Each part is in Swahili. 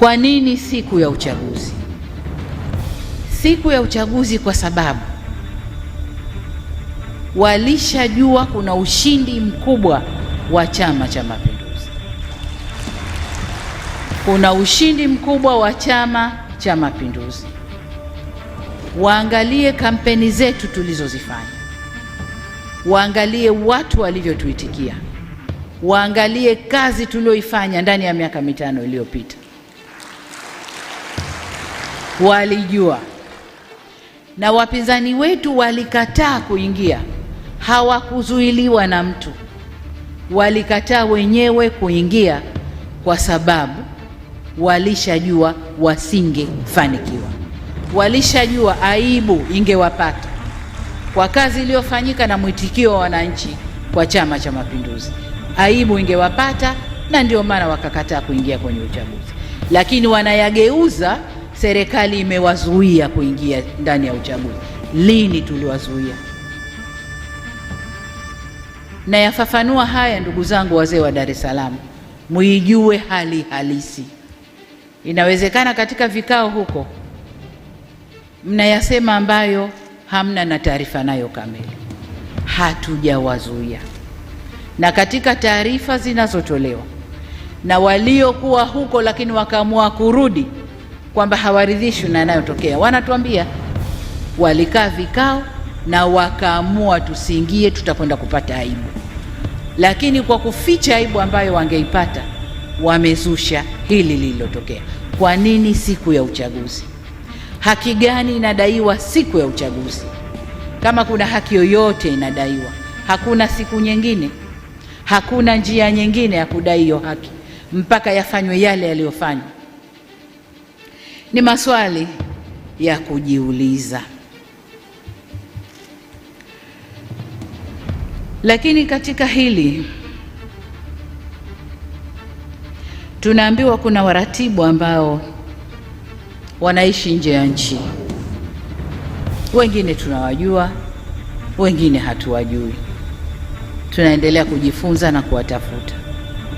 Kwa nini siku ya uchaguzi? Siku ya uchaguzi kwa sababu walishajua kuna ushindi mkubwa wa Chama cha Mapinduzi, kuna ushindi mkubwa wa Chama cha Mapinduzi. Waangalie kampeni zetu tulizozifanya, waangalie watu walivyotuitikia, waangalie kazi tulioifanya ndani ya miaka mitano iliyopita walijua, na wapinzani wetu walikataa kuingia, hawakuzuiliwa na mtu, walikataa wenyewe kuingia kwa sababu walishajua wasingefanikiwa, walishajua aibu ingewapata kwa kazi iliyofanyika na mwitikio wa wananchi kwa Chama cha Mapinduzi, aibu ingewapata, na ndio maana wakakataa kuingia kwenye uchaguzi, lakini wanayageuza serikali imewazuia kuingia ndani ya uchaguzi. Lini tuliwazuia? Na yafafanua haya, ndugu zangu, wazee wa Dar es Salaam, muijue hali halisi. Inawezekana katika vikao huko mnayasema ambayo hamna na taarifa nayo kamili. Hatujawazuia, na katika taarifa zinazotolewa na waliokuwa huko lakini wakaamua kurudi kwamba hawaridhishwi na yanayotokea. Wanatuambia walikaa vikao na wakaamua tusiingie, tutakwenda kupata aibu. Lakini kwa kuficha aibu ambayo wangeipata, wamezusha hili lililotokea. Kwa nini siku ya uchaguzi? Haki gani inadaiwa siku ya uchaguzi? Kama kuna haki yoyote inadaiwa, hakuna siku nyingine, hakuna njia nyingine ya kudai hiyo haki mpaka yafanywe yale yaliyofanywa. Ni maswali ya kujiuliza. Lakini katika hili tunaambiwa kuna waratibu ambao wanaishi nje ya nchi, wengine tunawajua, wengine hatuwajui. Tunaendelea kujifunza na kuwatafuta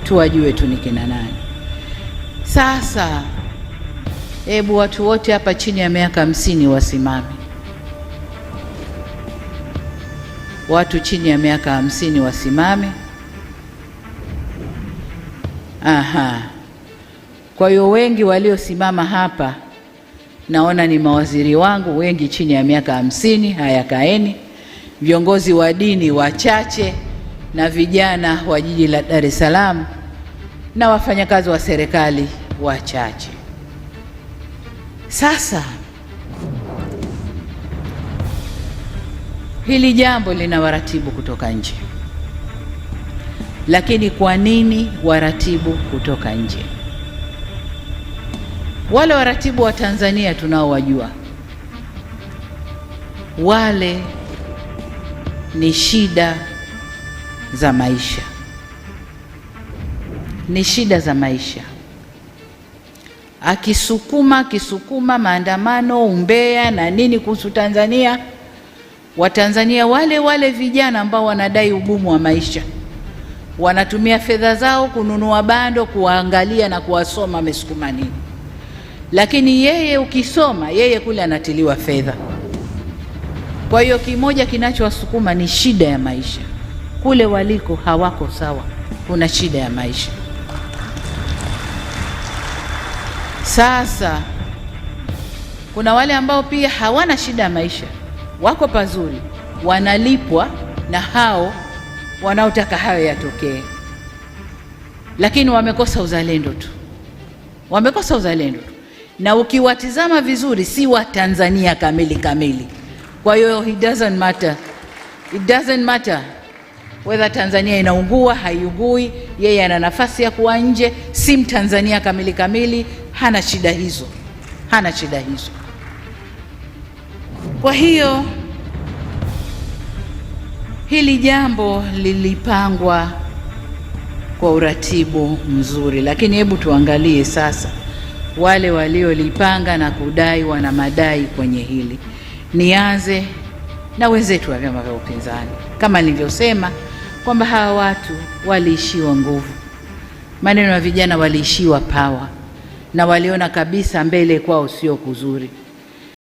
tuwajue tu ni kina nani sasa Hebu watu wote hapa chini ya miaka hamsini wasimame, watu chini ya miaka hamsini wasimame. Aha, kwa hiyo wengi waliosimama hapa naona ni mawaziri wangu wengi chini ya miaka hamsini. Haya, kaeni. Viongozi wa dini wachache na vijana wa jiji la Dar es Salaam na wafanyakazi wa serikali wachache. Sasa hili jambo lina waratibu kutoka nje, lakini kwa nini waratibu kutoka nje? Wale waratibu wa Tanzania tunaowajua wale ni shida za maisha, ni shida za maisha akisukuma akisukuma maandamano, umbea na nini kuhusu Tanzania. Watanzania wale wale vijana ambao wanadai ugumu wa maisha wanatumia fedha zao kununua bando, kuwaangalia na kuwasoma wamesukuma nini. Lakini yeye ukisoma, yeye kule anatiliwa fedha. Kwa hiyo kimoja kinachowasukuma ni shida ya maisha, kule waliko hawako sawa, kuna shida ya maisha. Sasa kuna wale ambao pia hawana shida ya maisha, wako pazuri, wanalipwa na hao wanaotaka hayo yatokee, lakini wamekosa uzalendo tu, wamekosa uzalendo tu. Na ukiwatizama vizuri, si wa Tanzania kamili kamili. Kwa hiyo it doesn't matter, it doesn't matter whether Tanzania inaungua haiungui, yeye ana nafasi ya kuwa nje, si Mtanzania kamili kamili hana shida hizo, hana shida hizo. Kwa hiyo hili jambo lilipangwa kwa uratibu mzuri, lakini hebu tuangalie sasa wale waliolipanga na kudai wana madai kwenye hili. Nianze na wenzetu wa vyama vya upinzani, kama nilivyosema kwamba hawa watu waliishiwa nguvu, maneno ya vijana waliishiwa pawa na waliona kabisa mbele kwao sio kuzuri.